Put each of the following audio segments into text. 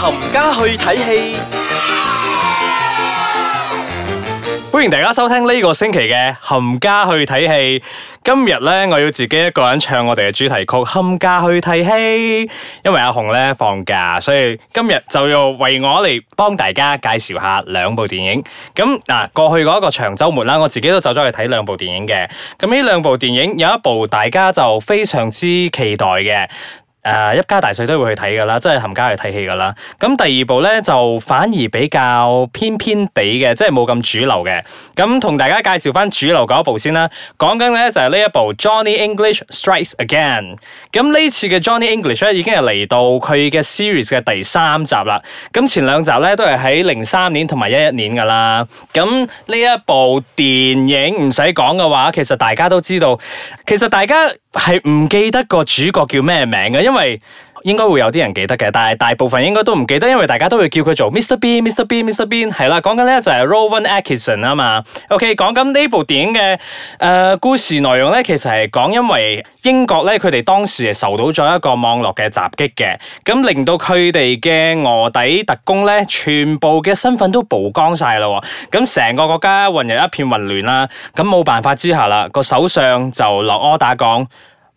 冚家去睇戲，歡迎大家收聽呢個星期嘅冚家去睇戲。今日呢，我要自己一個人唱我哋嘅主題曲《冚家去睇戲》，因為阿紅呢放假，所以今日就要為我嚟幫大家介紹下兩部電影。咁嗱，過去嗰一個長周末啦，我自己都走咗去睇兩部電影嘅。咁呢兩部電影有一部大家就非常之期待嘅。誒、呃，一家大細都會去睇噶啦，即係冚家去睇戲噶啦。咁第二部咧就反而比較偏偏啲嘅，即係冇咁主流嘅。咁同大家介紹翻主流嗰一部先啦。講緊咧就係呢一部 Johnny English Strikes Again。咁呢次嘅 Johnny English 咧已經係嚟到佢嘅 series 嘅第三集啦。咁前兩集咧都係喺零三年同埋一一年噶啦。咁呢一部電影唔使講嘅話，其實大家都知道，其實大家係唔記得個主角叫咩名嘅。因為應該會有啲人記得嘅，但係大部分應該都唔記得，因為大家都會叫佢做 Mr. Bean，Mr. Bean，Mr. Bean 係啦。講緊咧就係 Rowan Atkinson 啊嘛。OK，講緊呢部電影嘅誒、呃、故事內容咧，其實係講因為英國咧，佢哋當時係受到咗一個網絡嘅襲擊嘅，咁令到佢哋嘅臥底特工咧，全部嘅身份都曝光晒啦。咁成個國家混入一片混亂啦。咁冇辦法之下啦，個首相就落柯打講。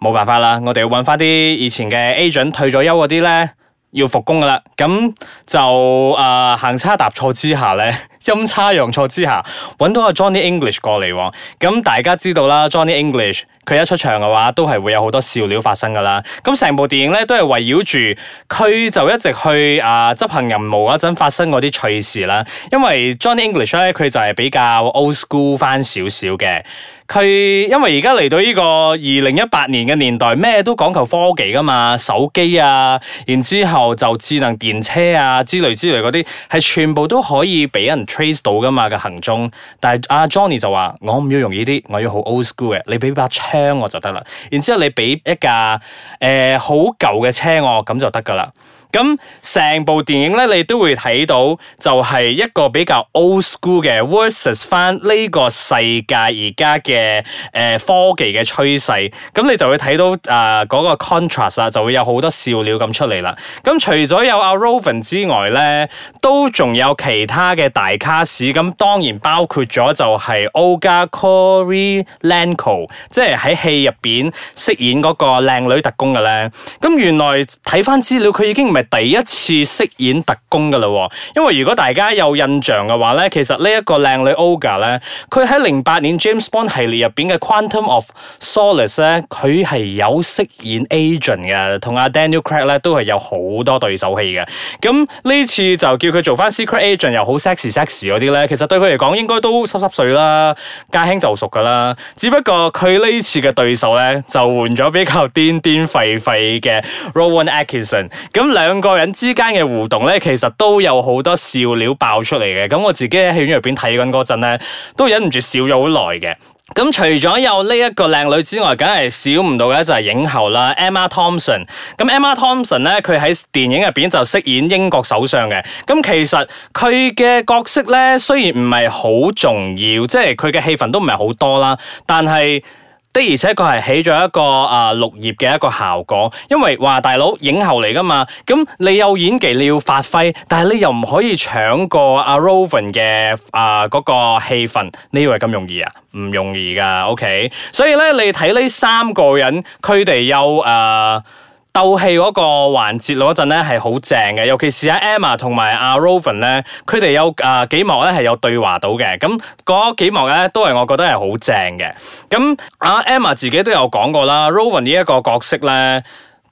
冇辦法啦，我哋要揾翻啲以前嘅 agent 退咗休嗰啲咧，要復工噶啦。咁就誒、呃、行差踏錯之下咧，陰差陽錯之下，揾到個 Johnny English 過嚟喎。咁大家知道啦，Johnny English。佢一出場嘅話都係會有好多笑料發生噶啦。咁成部電影咧，都係圍繞住佢就一直去啊執行任務嗰陣發生嗰啲趣事啦。因為 Johnny English 咧，佢就係比較 old school 翻少少嘅。佢因為而家嚟到呢個二零一八年嘅年代，咩都講求科技噶嘛，手機啊，然之後就智能電車啊之類之類啲，係全部都可以俾人 trace 到噶嘛嘅行蹤，但係阿、啊、Johnny 就話我唔要用呢啲，我要好 old school 嘅。你俾把槍，我就得啦，然之後你俾一架誒、呃、好舊嘅車我，咁、哦、就得噶啦。咁成部電影咧，你都會睇到，就係一個比較 old school 嘅 versus 翻呢個世界而家嘅誒科技嘅趨勢，咁你就會睇到誒、呃嗰個 contrast 啊就會有好多笑料咁出嚟啦。咁除咗有阿 Rowan 之外咧，都仲有其他嘅大卡士。咁當然包括咗就係 Olga Kurylenko 即係喺戲入邊飾演個靚女特工嘅咧。咁原來睇翻資料，佢已經唔係。第一次飾演特工㗎喇，因為如果大家有印象嘅話咧，其實呢一個靚女 Olga 咧，佢喺零八年 James Bond 系列入邊嘅 Quantum of Solace 咧，佢係有飾演 Agent 嘅，同阿 Daniel Craig 咧都係有好多對手戲嘅。咁呢次就叫佢做返 Secret Agent，又好 sexy sexy 嗰啲咧，其實對佢嚟講應該都濕濕碎啦，駕輕就熟㗎啦。只不過佢呢次嘅對手咧就換咗比較癲癲廢廢嘅 Rowan Atkinson，咁兩。兩個人之間嘅互動咧，其實都有好多笑料爆出嚟嘅。咁我自己喺戲院入邊睇緊嗰陣咧，都忍唔住笑咗好耐嘅。咁除咗有呢一個靚女之外，梗係少唔到嘅就係影后啦，Emma Thompson。咁 Emma Thompson 咧，佢喺電影入邊就飾演英國首相嘅。咁其實佢嘅角色咧，雖然唔係好重要，即係佢嘅戲份都唔係好多啦，但係。的而且確係起咗一個啊、呃、綠葉嘅一個效果，因為話大佬影后嚟噶嘛，咁你有演技你要發揮，但係你又唔可以搶過阿 Rowan 嘅啊嗰、呃那個氣氛，你以為咁容易啊？唔容易噶，OK，所以咧你睇呢三個人，佢哋有誒。呃鬥氣嗰個環節嗰陣咧係好正嘅，尤其是阿 Emma 同埋阿 Roven 咧，佢哋有誒幾幕咧係有對話到嘅，咁嗰幾幕咧都係我覺得係好正嘅。咁阿、啊、Emma 自己都有講過啦，Roven 呢一個角色咧。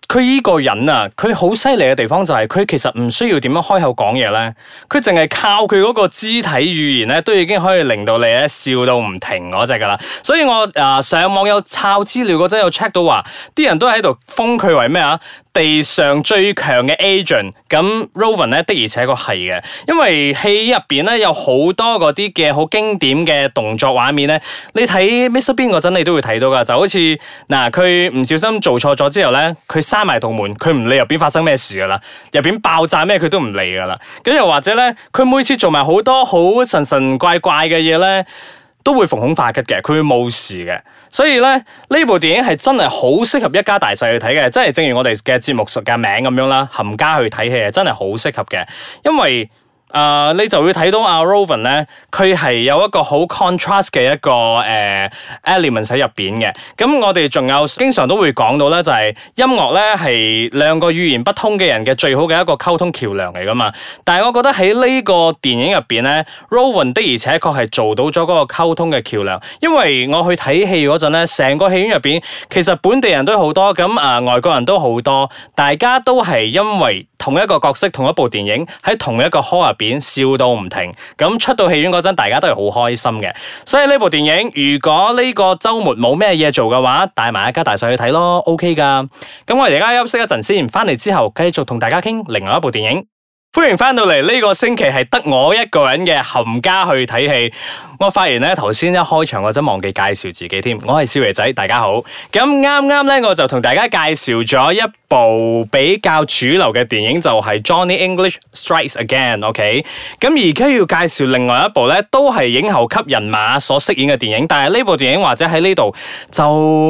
佢依個人啊，佢好犀利嘅地方就係佢其實唔需要點樣開口講嘢呢。佢淨係靠佢嗰個肢體語言呢，都已經可以令到你笑到唔停嗰隻噶啦。所以我啊、呃、上網有抄資料嗰陣有 check 到話，啲人都喺度封佢為咩啊？地上最強嘅 agent，咁 Rowan 咧的而且確係嘅，因為戲入邊咧有好多嗰啲嘅好經典嘅動作畫面咧，你睇 Mr. Bean 嗰陣你都會睇到噶，就好似嗱佢唔小心做錯咗之後咧，佢閂埋道門，佢唔理入邊發生咩事噶啦，入邊爆炸咩佢都唔理噶啦，咁又或者咧，佢每次做埋好多好神神怪怪嘅嘢咧。都會逢凶化吉嘅，佢會冇事嘅，所以咧呢部電影係真係好適合一家大細去睇嘅，即係正如我哋嘅節目嘅名咁樣啦，冚家去睇戲真係好適合嘅，因為。誒，uh, 你就會睇到阿 Raven 咧，佢係有一個好 contrast 嘅一個誒 elements 喺入邊嘅。咁、uh, 我哋仲有經常都會講到咧，就係、是、音樂咧係兩個語言不通嘅人嘅最好嘅一個溝通橋梁嚟噶嘛。但係我覺得喺呢個電影入邊咧，Raven 的而且確係做到咗個溝通嘅橋梁，因為我去睇戲嗰陣咧，成個戲院入邊其實本地人都好多，咁、呃、啊外國人都好多，大家都係因為同一個角色同一部電影喺同一個 hall。笑到唔停，咁出到戲院嗰陣，大家都係好開心嘅。所以呢部電影，如果呢個周末冇咩嘢做嘅話，帶埋一家大細去睇咯，OK 噶。咁我哋而家休息一陣先，翻嚟之後繼續同大家傾另外一部電影。歡迎翻到嚟，呢個星期係得我一個人嘅冚家去睇戲。我發現咧，頭先一開場我真忘記介紹自己添，我係少爺仔，大家好。咁啱啱咧，我就同大家介紹咗一部比較主流嘅電影，就係、是、Johnny English Strikes Again。OK，咁而家要介紹另外一部咧，都係影后級人馬所飾演嘅電影，但係呢部電影或者喺呢度就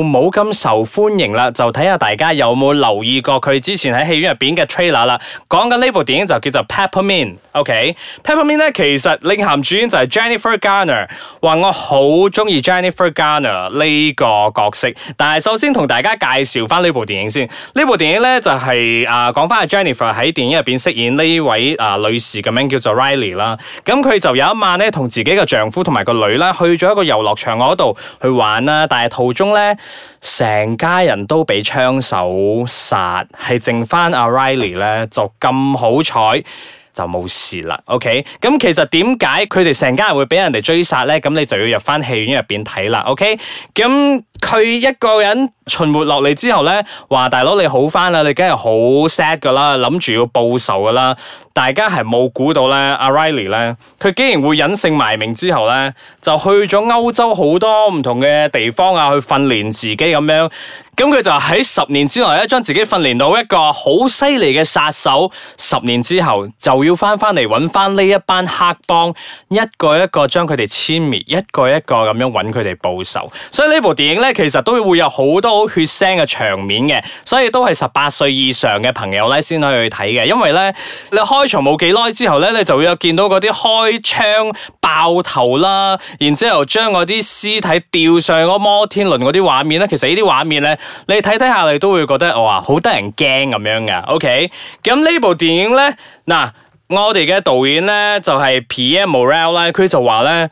冇咁受歡迎啦。就睇下大家有冇留意過佢之前喺戲院入邊嘅 trailer 啦。講緊呢部電影就叫做 Peppermint、okay? Peppermint。OK，Peppermint 咧，其實領銜主演就係 Jennifer Garner。話我好中意 Jennifer Garner 呢個角色，但係首先同大家介紹翻呢部電影先。呢部電影呢、就是，就係啊，講翻阿 Jennifer 喺電影入邊飾演呢位啊、呃、女士嘅名叫做 Riley 啦。咁佢就有一晚呢，同自己個丈夫同埋個女啦，去咗一個遊樂場嗰度去玩啦。但係途中呢，成家人都俾槍手殺，係剩翻阿 Riley 呢，就咁好彩。就冇事啦，OK？咁其實點解佢哋成家人會俾人哋追殺咧？咁你就要入翻戲院入邊睇啦，OK？咁佢一個人存活落嚟之後咧，話大佬你好翻啦，你梗係好 sad 噶啦，諗住要報仇噶啦。大家係冇估到咧，阿、啊、Riley 咧，佢竟然會隱姓埋名之後咧，就去咗歐洲好多唔同嘅地方啊，去訓練自己咁樣。咁佢就喺十年之內，將自己訓練到一個好犀利嘅殺手。十年之後就要翻翻嚟揾翻呢一班黑幫，一個一個將佢哋殲滅，一個一個咁樣揾佢哋報仇。所以呢部電影咧，其實都會有好多很血腥嘅場面嘅，所以都係十八歲以上嘅朋友咧先可以去睇嘅。因為咧，你開場冇幾耐之後咧，你就會有見到嗰啲開槍爆頭啦，然之後將嗰啲屍體吊上嗰摩天輪嗰啲畫面，其實這些畫面呢啲畫面咧。你睇睇下，你都會覺得哇，好得人驚咁樣㗎。OK，咁呢部電影呢，嗱，我哋嘅導演呢就係 Pierre Morel 咧，佢就話呢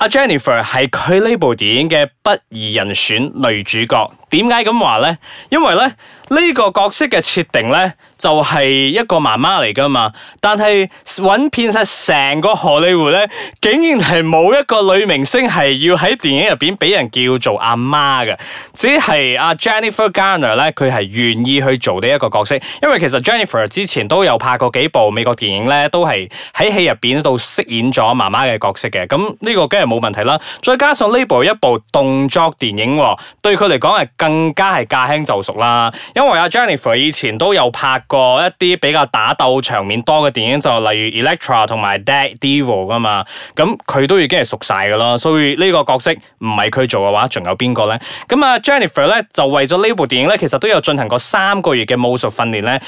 Jennifer 係佢呢部電影嘅不二人選女主角。點解咁話呢？因為呢。呢個角色嘅設定呢，就係、是、一個媽媽嚟㗎嘛。但係揾遍晒成個荷里活呢，竟然係冇一個女明星係要喺電影入邊俾人叫做阿媽嘅。只係阿、啊、Jennifer Garner 呢，佢係願意去做呢一個角色。因為其實 Jennifer 之前都有拍過幾部美國電影呢，都係喺戲入邊度飾演咗媽媽嘅角色嘅。咁、這、呢個梗係冇問題啦。再加上呢部一部動作電影，對佢嚟講係更加係駕輕就熟啦。因為阿 Jennifer 以前都有拍過一啲比較打鬥場面多嘅電影，就例如 Electra 同埋 Dead Devil 噶嘛，咁佢都已經係熟晒噶啦，所以呢個角色唔係佢做嘅話，仲有邊個咧？咁啊 Jennifer 咧就為咗呢部電影咧，其實都有進行過三個月嘅武術訓練咧，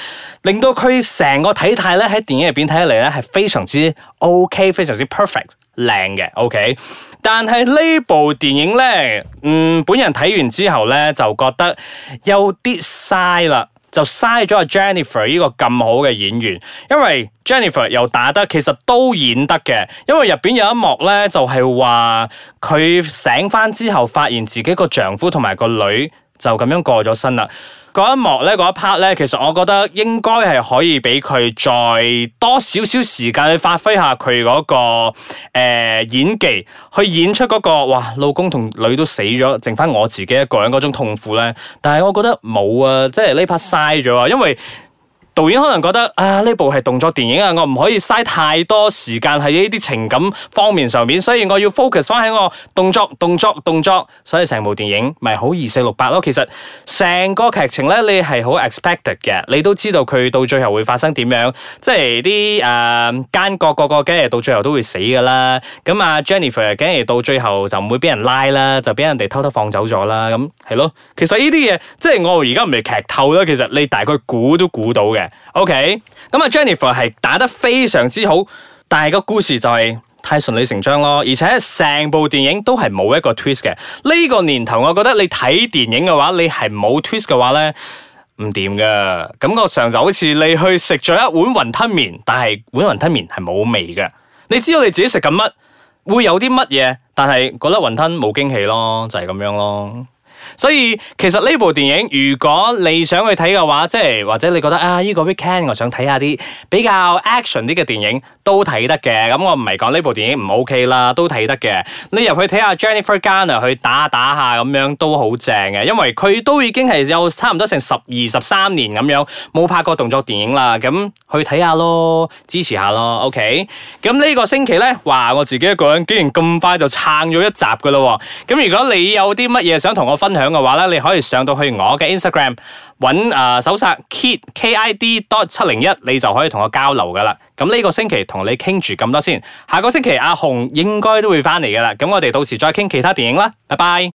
令到佢成個體態咧喺電影入邊睇起嚟咧係非常之 OK，非常之 perfect 靚嘅，OK。但係呢部電影呢，嗯，本人睇完之後呢，就覺得有啲嘥啦，就嘥咗阿 Jennifer 呢個咁好嘅演員，因為 Jennifer 又打得其實都演得嘅，因為入邊有一幕呢，就係話佢醒翻之後，發現自己個丈夫同埋個女就咁樣過咗身啦。嗰一幕咧，嗰一 part 咧，其實我覺得應該係可以俾佢再多少少時間去發揮下佢嗰、那個誒、呃、演技，去演出嗰、那個哇，老公同女都死咗，剩翻我自己一個人嗰種痛苦咧。但係我覺得冇啊，即係呢 part 嘥咗啊，因為，導演可能覺得啊呢部係動作電影啊，我唔可以嘥太多時間喺呢啲情感方面上面，所以我要 focus 翻喺我動作動作動作，所以成部電影咪好二四六八咯。其實成個劇情咧，你係好 expected 嘅，你都知道佢到最後會發生點樣，即係啲誒奸角個個梗係，到最後都會死噶啦。咁啊 Jennifer 梗係到最後就唔會俾人拉啦，就俾人哋偷偷放走咗啦。咁係咯，其實呢啲嘢即係我而家唔係劇透啦，其實你大概估都估到嘅。O K，咁啊 Jennifer 係打得非常之好，但係個故事就係太順理成章咯，而且成部電影都係冇一個 twist 嘅。呢、這個年頭，我覺得你睇電影嘅話，你係冇 twist 嘅話咧，唔掂噶。感覺上就好似你去食咗一碗雲吞麵，但係碗雲吞麵係冇味噶。你知道你自己食緊乜，會有啲乜嘢，但係覺得雲吞冇驚喜咯，就係、是、咁樣咯。所以其實呢部電影如果你想去睇嘅話，即係或者你覺得啊呢個 weekend 我想睇下啲比較 action 啲嘅電影都睇得嘅。咁我唔係講呢部電影唔 OK 啦，都睇得嘅。你入去睇下 Jennifer Garner 去打打下咁樣都好正嘅，因為佢都已經係有差唔多成十二十三年咁樣冇拍過動作電影啦。咁去睇下咯，支持下咯，OK。咁呢個星期咧，話我自己一個人竟然咁快就撐咗一集噶啦。咁如果你有啲乜嘢想同我分享？咁嘅話咧，你可以上到去我嘅 Instagram，揾誒、呃、搜索 kid k i d dot 七零一，你就可以同我交流噶啦。咁呢個星期同你傾住咁多先，下個星期阿紅應該都會翻嚟噶啦。咁我哋到時再傾其他電影啦。拜拜。